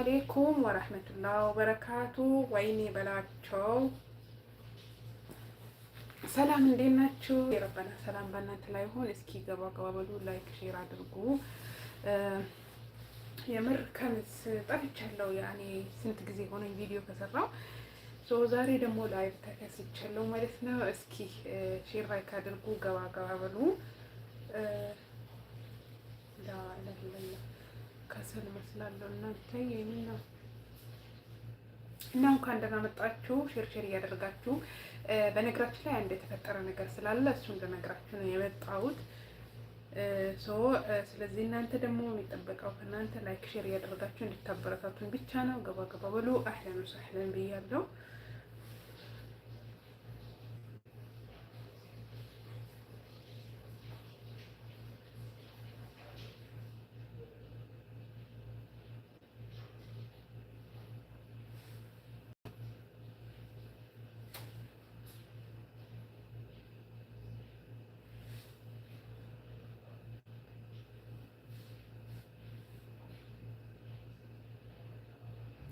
አሌይኩም ወረህመቱላህ ወበረካቱ። ወይኔ በላቸው። ሰላም እንዴት ናችሁ? የረበና ሰላም በእናንተ ላይ ሆን። እስኪ ገባ ገባ በሉ፣ ላይክ ሼር አድርጉ። የምር ከምስ ጠፍቻለሁ። ያኔ ስንት ጊዜ ሆነኝ ቪዲዮ ከሰራው። ዛሬ ደግሞ ላይቭ ተከስቻለሁ ማለት ነው። እስኪ ሼር ላይክ አድርጉ፣ ገባ ገባ በሉ። መሰል እመስላለሁ። እናንተ የምን ነው እና እንኳን ደህና መጣችሁ። ሼር ሼር እያደረጋችሁ በነገራችን ላይ አንድ የተፈጠረ ነገር ስላለ እሱን ለነገራችሁ ነው የመጣሁት። ሶ ስለዚህ እናንተ ደግሞ የሚጠበቀው ከእናንተ ላይክ ሼር እያደረጋችሁ እንድታበረታቱን ብቻ ነው። ገባ ገባ በሉ አህለን ወሰህለን ብያለሁ።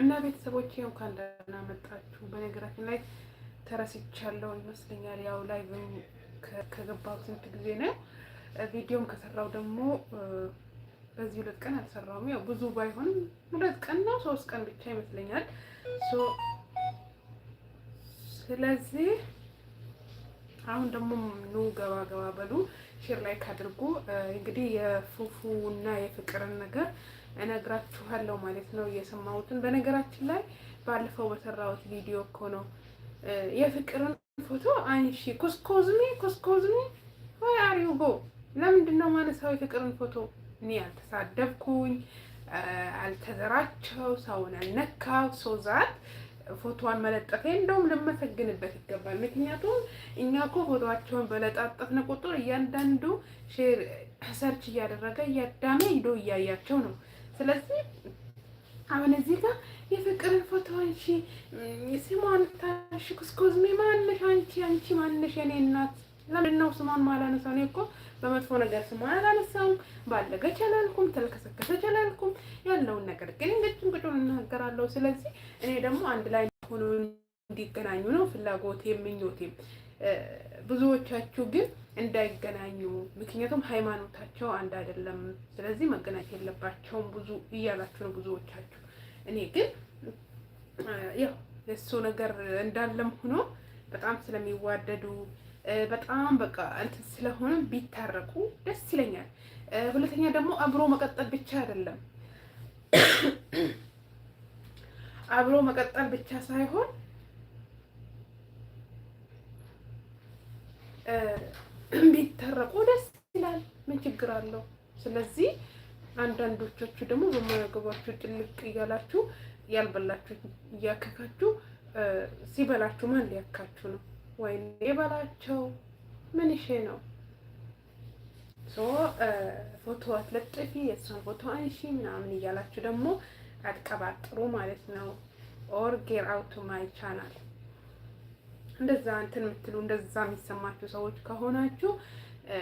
እና ቤተሰቦች እንኳን ደህና መጣችሁ። በነገራችን ላይ ተረስቻለሁ ይመስለኛል። ያው ላይ ከገባሁ ስንት ጊዜ ነው። ቪዲዮም ከሰራው ደግሞ በዚህ ሁለት ቀን አልሰራውም። ያው ብዙ ባይሆንም ሁለት ቀን ነው ሶስት ቀን ብቻ ይመስለኛል። ስለዚህ አሁን ደግሞ ኑ ገባ ገባ በሉ፣ ሼር ላይክ አድርጉ። እንግዲህ የፉፉ እና የፍቅርን ነገር እነግራችኋለሁ ማለት ነው የሰማሁትን። በነገራችን ላይ ባለፈው በሰራሁት ቪዲዮ እኮ ነው የፍቅርን ፎቶ አንሺ ኮስኮዝሚ ኮስኮዝሚ ወይ አሪጎ ለምንድን ነው ማነሳዊ ፍቅርን ፎቶ? እኔ አልተሳደብኩኝ፣ አልተዘራቸው፣ ሰውን አልነካው። ሰው ዛት ፎቶዋን መለጠፌ እንደውም ልመሰግንበት ይገባል። ምክንያቱም እኛ እኮ ፎቶዋቸውን በለጣጠፍን ቁጥር እያንዳንዱ ሼር ሰርች እያደረገ እያዳሜ ሂዶ እያያቸው ነው ስለዚህ አሁን እዚህ ጋር የፍቅርን ፎቶ አንቺ ስሟን ታሽ ኩስኮዝሜ ማነሽ አንቺ አንቺ ማነሽ የኔ እናት ለምንድነው ስሟን ማላነሳው? እኔ እኮ በመጥፎ ነገር ስሟን አላነሳውም። ባለገች አላልኩም፣ ተልከሰከሰች አላልኩም። ያለውን ነገር ግን እንግጭ እንቅጩን እናገራለሁ። ስለዚህ እኔ ደግሞ አንድ ላይ ሆኖ እንዲገናኙ ነው ፍላጎቴም ምኞቴም። ብዙዎቻችሁ ግን እንዳይገናኙ ምክንያቱም ሃይማኖታቸው አንድ አይደለም። ስለዚህ መገናኘት የለባቸውም ብዙ እያላችሁ ነው ብዙዎቻችሁ። እኔ ግን ያው እሱ ነገር እንዳለም ሆኖ በጣም ስለሚዋደዱ በጣም በቃ እንትን ስለሆነ ቢታረቁ ደስ ይለኛል። ሁለተኛ ደግሞ አብሮ መቀጠል ብቻ አይደለም አብሮ መቀጠል ብቻ ሳይሆን ቢታረቁ ደስ ይላል። ምን ችግር አለው? ስለዚህ አንዳንዶቻችሁ ደግሞ በማያገባችሁ ጥልቅ እያላችሁ ያልበላችሁ እያከካችሁ ሲበላችሁ ማን ሊያካችሁ ነው? ወይም የበላቸው ምን ይሄ ነው? ፎቶ አትለጥፊ፣ የእሷን ፎቶ አንሺ ምናምን እያላችሁ ደግሞ አትቀባጥሩ ማለት ነው። ኦር ጌር ማይ ቻናል እንደዛ እንትን የምትሉ እንደዛ የሚሰማችሁ ሰዎች ከሆናችሁ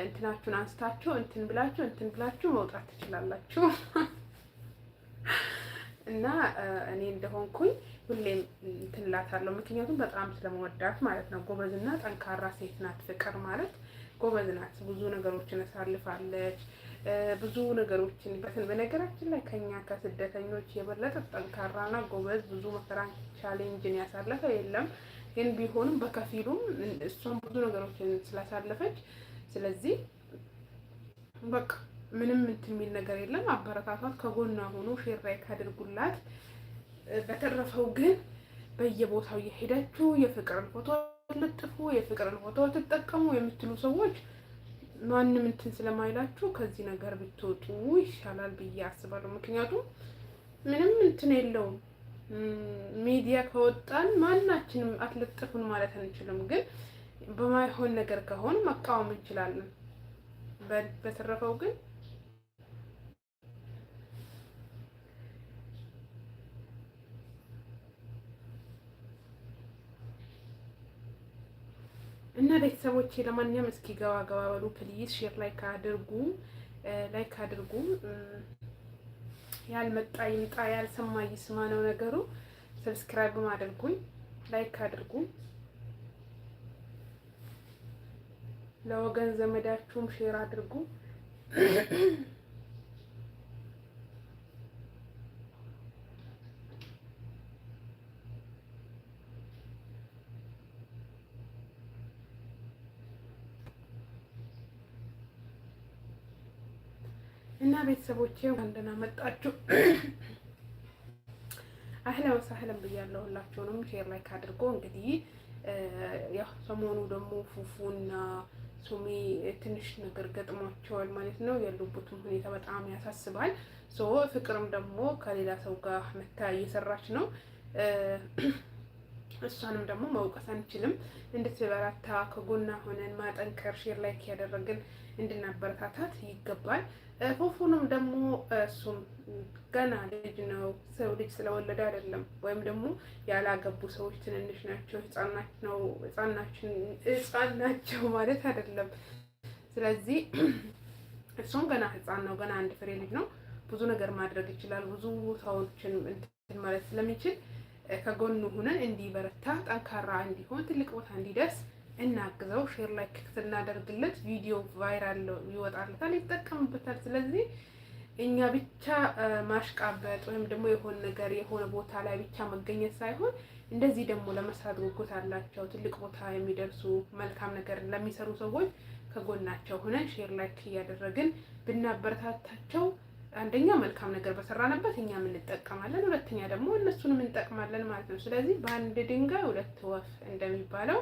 እንትናችሁን አንስታችሁ እንትን ብላችሁ እንትን ብላችሁ መውጣት ትችላላችሁ። እና እኔ እንደሆንኩኝ ሁሌም እንትን እላታለሁ። ምክንያቱም በጣም ስለመወዳት ማለት ነው። ጎበዝና ጠንካራ ሴት ናት። ፍቅር ማለት ጎበዝ ናት። ብዙ ነገሮችን አሳልፋለች። ብዙ ነገሮችን በነገራችን ላይ ከኛ ከስደተኞች የበለጠ ጠንካራና ጎበዝ ብዙ መከራ ቻሌንጅን ያሳለፈ የለም። ግን ቢሆንም በከፊሉም እሷን ብዙ ነገሮችን ስላሳለፈች፣ ስለዚህ በቃ ምንም እንትን የሚል ነገር የለም። አበረታቷት፣ ከጎና ሆኖ ሼር ላይክ በተረፈው ግን በየቦታው እየሄዳችሁ የፍቅርን ፎቶ ልጥፉ፣ የፍቅርን ፎቶ ትጠቀሙ የምትሉ ሰዎች ማንም እንትን ስለማይላችሁ ከዚህ ነገር ብትወጡ ይሻላል ብዬ አስባለሁ። ምክንያቱም ምንም እንትን የለውም። ሚዲያ ከወጣን ማናችንም አትለጥፉን ማለት አንችልም፣ ግን በማይሆን ነገር ከሆኑ መቃወም እንችላለን። በተረፈው ግን እና ቤተሰቦቼ ለማንኛውም እስኪ ገባ ገባ በሉ ፕሊዝ፣ ሼር ላይክ አድርጉ ላይክ አድርጉ። ያልመጣ ይምጣ፣ ያልሰማ ይስማ ነው ነገሩ። ሰብስክራይብም አድርጉኝ፣ ላይክ አድርጉ። ለወገን ዘመዳችሁም ሼር አድርጉ። ቤተሰቦቼ እንደና መጣችሁ። አህለ ወሳህለን ብያለሁ። ሁላችሁንም ሼር ላይክ አድርጎ እንግዲህ ያው ሰሞኑ ደግሞ ፉፉና ሱሚ ትንሽ ነገር ገጥሟቸዋል ማለት ነው። ያሉበትም ሁኔታ በጣም ያሳስባል። ሶ ፍቅርም ደግሞ ከሌላ ሰው ጋር መታ እየሰራች ነው። እሷንም ደግሞ መውቀስ አንችልም። እንድትበራታ ከጎና ሆነን ማጠንከር ሼር ላይክ ያደረግን እንድናበረታታት ይገባል። ፉፉንም ደግሞ እሱም ገና ልጅ ነው። ሰው ልጅ ስለወለደ አይደለም ወይም ደግሞ ያላገቡ ሰዎች ትንንሽ ናቸው፣ ህጻን ናቸው ማለት አይደለም። ስለዚህ እሱም ገና ህጻን ነው፣ ገና አንድ ፍሬ ልጅ ነው። ብዙ ነገር ማድረግ ይችላል። ብዙ ቦታዎችን እንትን ማለት ስለሚችል ከጎኑ ሆነን እንዲበረታ፣ ጠንካራ እንዲሆን፣ ትልቅ ቦታ እንዲደርስ እናግዘው፣ ሼር ላይክ ስናደርግለት ቪዲዮ ቫይራል ይወጣለታል፣ ይጠቀምበታል። ስለዚህ እኛ ብቻ ማሽቃበጥ ወይም ደግሞ የሆነ ነገር የሆነ ቦታ ላይ ብቻ መገኘት ሳይሆን እንደዚህ ደግሞ ለመስራት ጉጉት አላቸው ትልቅ ቦታ የሚደርሱ መልካም ነገር ለሚሰሩ ሰዎች ከጎናቸው ሆነን ሼር ላይክ እያደረግን ብናበረታታቸው አንደኛ መልካም ነገር በሰራንበት እኛም እንጠቀማለን፣ ሁለተኛ ደግሞ እነሱንም እንጠቅማለን ማለት ነው። ስለዚህ በአንድ ድንጋይ ሁለት ወፍ እንደሚባለው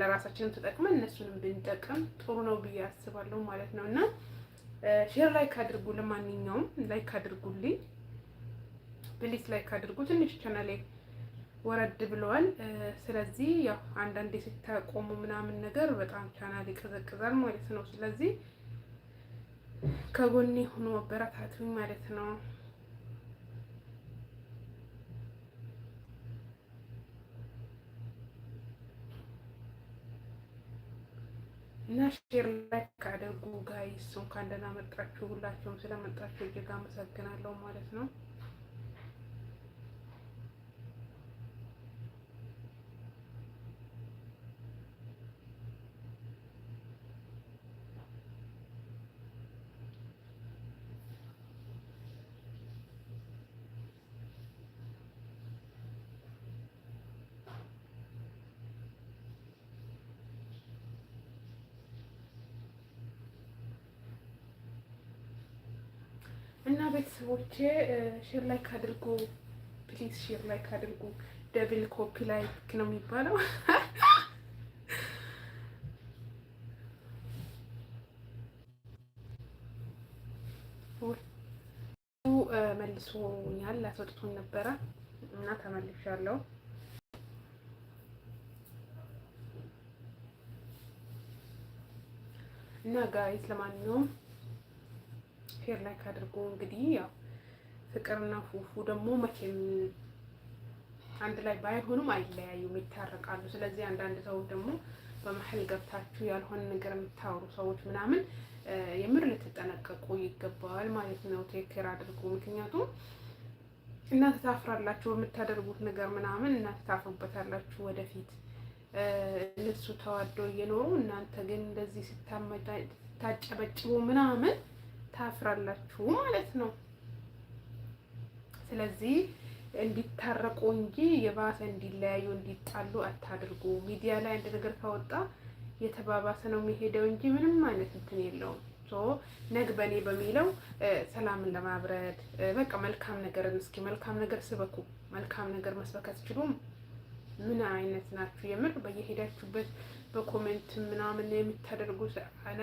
ለራሳችንም ተጠቅመን እነሱንም ብንጠቅም ጥሩ ነው ብዬ አስባለሁ ማለት ነው። እና ሼር ላይክ አድርጉ፣ ለማንኛውም ላይክ አድርጉልኝ ፕሊስ ላይክ አድርጉ። ትንሽ ቻናሌ ወረድ ብለዋል። ስለዚህ ያው አንዳንዴ ስታቆሙ ምናምን ነገር በጣም ቻናሌ ይቀዘቅዛል ማለት ነው። ስለዚህ ከጎኔ ሆኖ አበረታቱኝ ማለት ነው። እና ሼር ላይክ አድርጉ ጋይስ። እንኳን ደህና መጣችሁ። ሁላችሁም ስለመጣችሁ እጅግ አመሰግናለሁ ማለት ነው። እና ቤተሰቦቼ ሼር ላይክ አድርጉ ፕሊዝ፣ ሼር ላይክ አድርጉ። ደብል ኮፒ ላይክ ነው የሚባለው። መልሶኛል አስወጥቶን ነበረ እና ተመልሻለሁ። እና ጋይስ ለማንኛውም ሼር ላይክ አድርጎ እንግዲህ ያው ፍቅርና ፉፉ ደግሞ መቼም አንድ ላይ ባይሆኑም አይለያዩም፣ ይታረቃሉ። ስለዚህ አንዳንድ ሰው ደግሞ በመሀል ገብታችሁ ያልሆነ ነገር የምታወሩ ሰዎች ምናምን የምር ልትጠነቀቁ ይገባዋል ማለት ነው። ቴክር አድርጉ። ምክንያቱም እናንተ ታፍራላችሁ በምታደርጉት ነገር ምናምን እናንተ ታፍሩበታላችሁ ወደፊት እነሱ ተዋደው እየኖሩ እናንተ ግን እንደዚህ ስታጨበጭቡ ምናምን ታፍራላችሁ ማለት ነው። ስለዚህ እንዲታረቁ እንጂ የባሰ እንዲለያዩ እንዲጣሉ አታድርጉ። ሚዲያ ላይ አንድ ነገር ካወጣ የተባባሰ ነው የሚሄደው እንጂ ምንም አይነት እንትን የለውም። ሶ ነግ በሚለው ሰላምን ለማብረድ በቃ መልካም ነገርን እስኪ መልካም ነገር ስበኩ። መልካም ነገር መስበክ አትችሉም? ምን አይነት ናችሁ? የምር በየሄዳችሁበት በኮሜንት ምናምን የምታደርጉ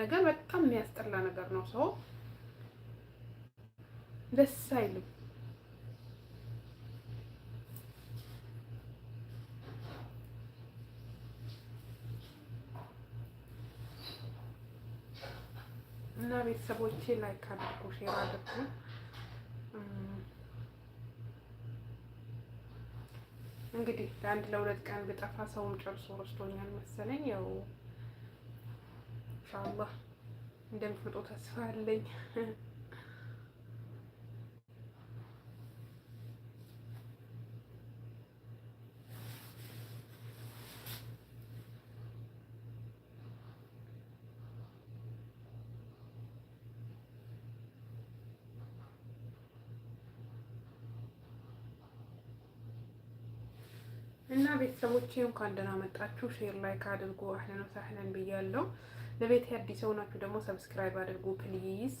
ነገር በጣም የሚያስጠላ ነገር ነው ሰው ደስ አይልም። እና ቤተሰቦቼ ላይክ አድርጉ፣ ሼር አድርጉ። እንግዲህ ለአንድ ለሁለት ቀን ብጠፋ ሰውም ጨርሶ ረስቶኛል መሰለኝ። ያው ኢንሻአላህ እንደምትመጡ ተስፋ አለኝ። እና ቤተሰቦች እንኳን ደህና መጣችሁ። ሼር ላይክ አድርጉ። አህለን ወሳህለን ብያለሁ። ለቤት አዲስ የሆናችሁ ደግሞ ሰብስክራይብ አድርጉ ፕሊዝ።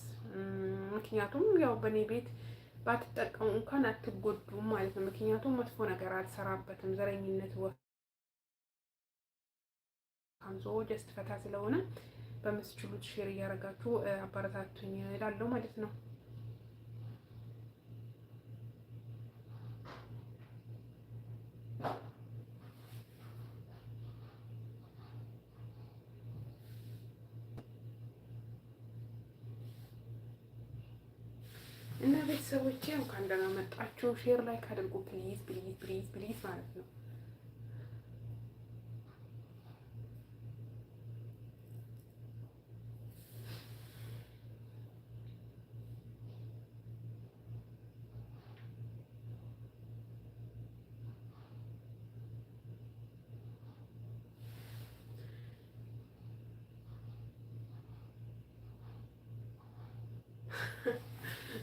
ምክንያቱም ያው በእኔ ቤት ባትጠቀሙ እንኳን አትጎዱም ማለት ነው። ምክንያቱም መጥፎ ነገር አልሰራበትም። ዘረኝነት ወካምዞ ጀስት ፈታ ስለሆነ በምትችሉት ሼር እያደረጋችሁ አበረታቱኝ እላለሁ ማለት ነው። እንኳን ደህና መጣችሁ። ሼር ላይክ አድርጉ ፕሊዝ ፕሊዝ ፕሊዝ ፕሊዝ ማለት ነው።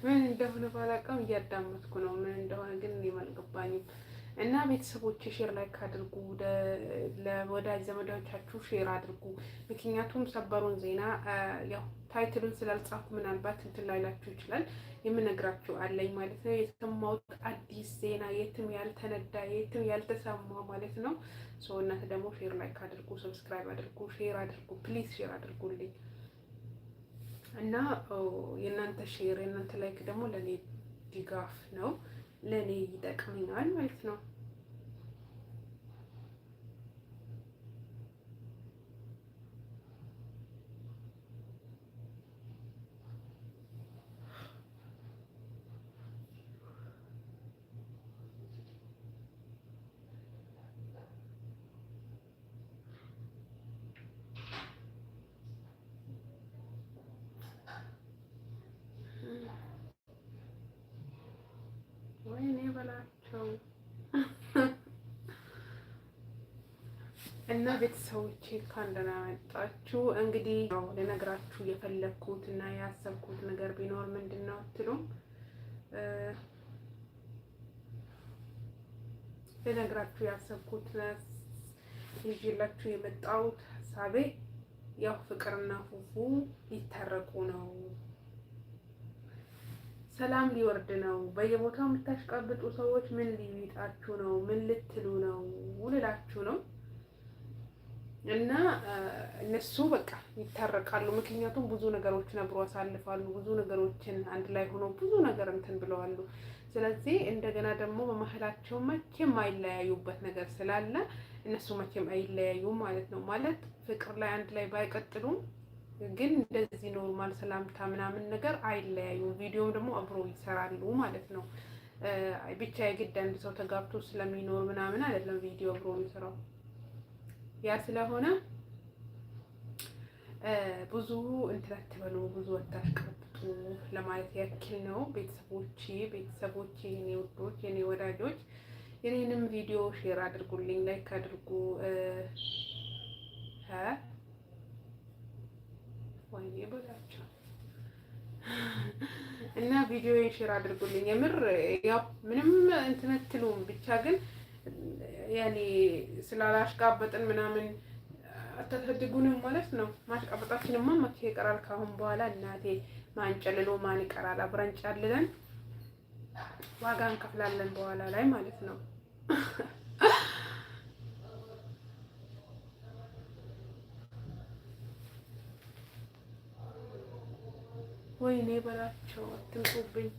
ምን እንደሆነ ባላውቅም እያዳመጥኩ ነው። ምን እንደሆነ ግን እኔም አልገባኝም። እና ቤተሰቦች ሼር ላይክ አድርጉ፣ ለወዳጅ ዘመዳዎቻችሁ ሼር አድርጉ። ምክንያቱም ሰበሩን ዜና ያው ታይትሉን ስላልጻፉ ምናልባት እንትን ላይላችሁ ይችላል። የምነግራችሁ አለኝ ማለት ነው። የሰማሁት አዲስ ዜና የትም ያልተነዳ የትም ያልተሰማ ማለት ነው። ሰው እናት ደግሞ ሼር ላይክ አድርጉ፣ ሰብስክራይብ አድርጉ፣ ሼር አድርጉ፣ ፕሊዝ ሼር አድርጉልኝ። እና የእናንተ ሼር የእናንተ ላይክ ደግሞ ለእኔ ድጋፍ ነው፣ ለእኔ ይጠቅመኛል ማለት ነው። ወይኔ በላቸው እና ቤተሰቦቼ እንኳን ደህና መጣችሁ። እንግዲህ ያው ልነግራችሁ የፈለግኩት እና ያሰብኩት ነገር ቢኖር ምንድን ነው ትሉም ልነግራችሁ ያሰብኩት ይዤላችሁ የመጣሁት ሀሳቤ ያው ፍቅርና ፉፉ ሊታረቁ ነው ሰላም ሊወርድ ነው። በየቦታው የምታሽቀብጡ ሰዎች ምን ሊጣችሁ ነው? ምን ልትሉ ነው? ውልላችሁ ነው። እና እነሱ በቃ ይታረቃሉ። ምክንያቱም ብዙ ነገሮችን አብሮ አሳልፋሉ። ብዙ ነገሮችን አንድ ላይ ሆኖ ብዙ ነገር እንትን ብለዋሉ። ስለዚህ እንደገና ደግሞ በመሀላቸው መቼም አይለያዩበት ነገር ስላለ እነሱ መቼም አይለያዩም ማለት ነው። ማለት ፍቅር ላይ አንድ ላይ ባይቀጥሉም ግን እንደዚህ ኖርማል ሰላምታ ምናምን ነገር አይለያዩም። ቪዲዮም ደግሞ አብሮ ይሰራሉ ማለት ነው። ብቻ የግድ አንድ ሰው ተጋብቶ ስለሚኖር ምናምን አይደለም ቪዲዮ አብሮ የሚሰራው። ያ ስለሆነ ብዙ እንትረት አትበሉ፣ ብዙ ወታሽ አታሽቀብጡ ለማለት ያክል ነው። ቤተሰቦቼ ቤተሰቦቼ፣ የኔ ውዶች፣ የኔ ወዳጆች፣ የኔንም ቪዲዮ ሼር አድርጉልኝ፣ ላይክ አድርጉ። ቪዲዮዬን ሼር አድርጉልኝ። የምር ያው ምንም እንትን አትሉም፣ ብቻ ግን ያኔ ስላላሽቃበጥን ምናምን አታሳድጉንም ማለት ነው። ማሽቃበጣችንማ መቼ ይቀራል? ካሁን በኋላ እናቴ ማንጨልሎ ማን ይቀራል? አብረን ጨልለን ዋጋ እንከፍላለን በኋላ ላይ ማለት ነው። ወይኔ በላቸው አትንቁብኝ።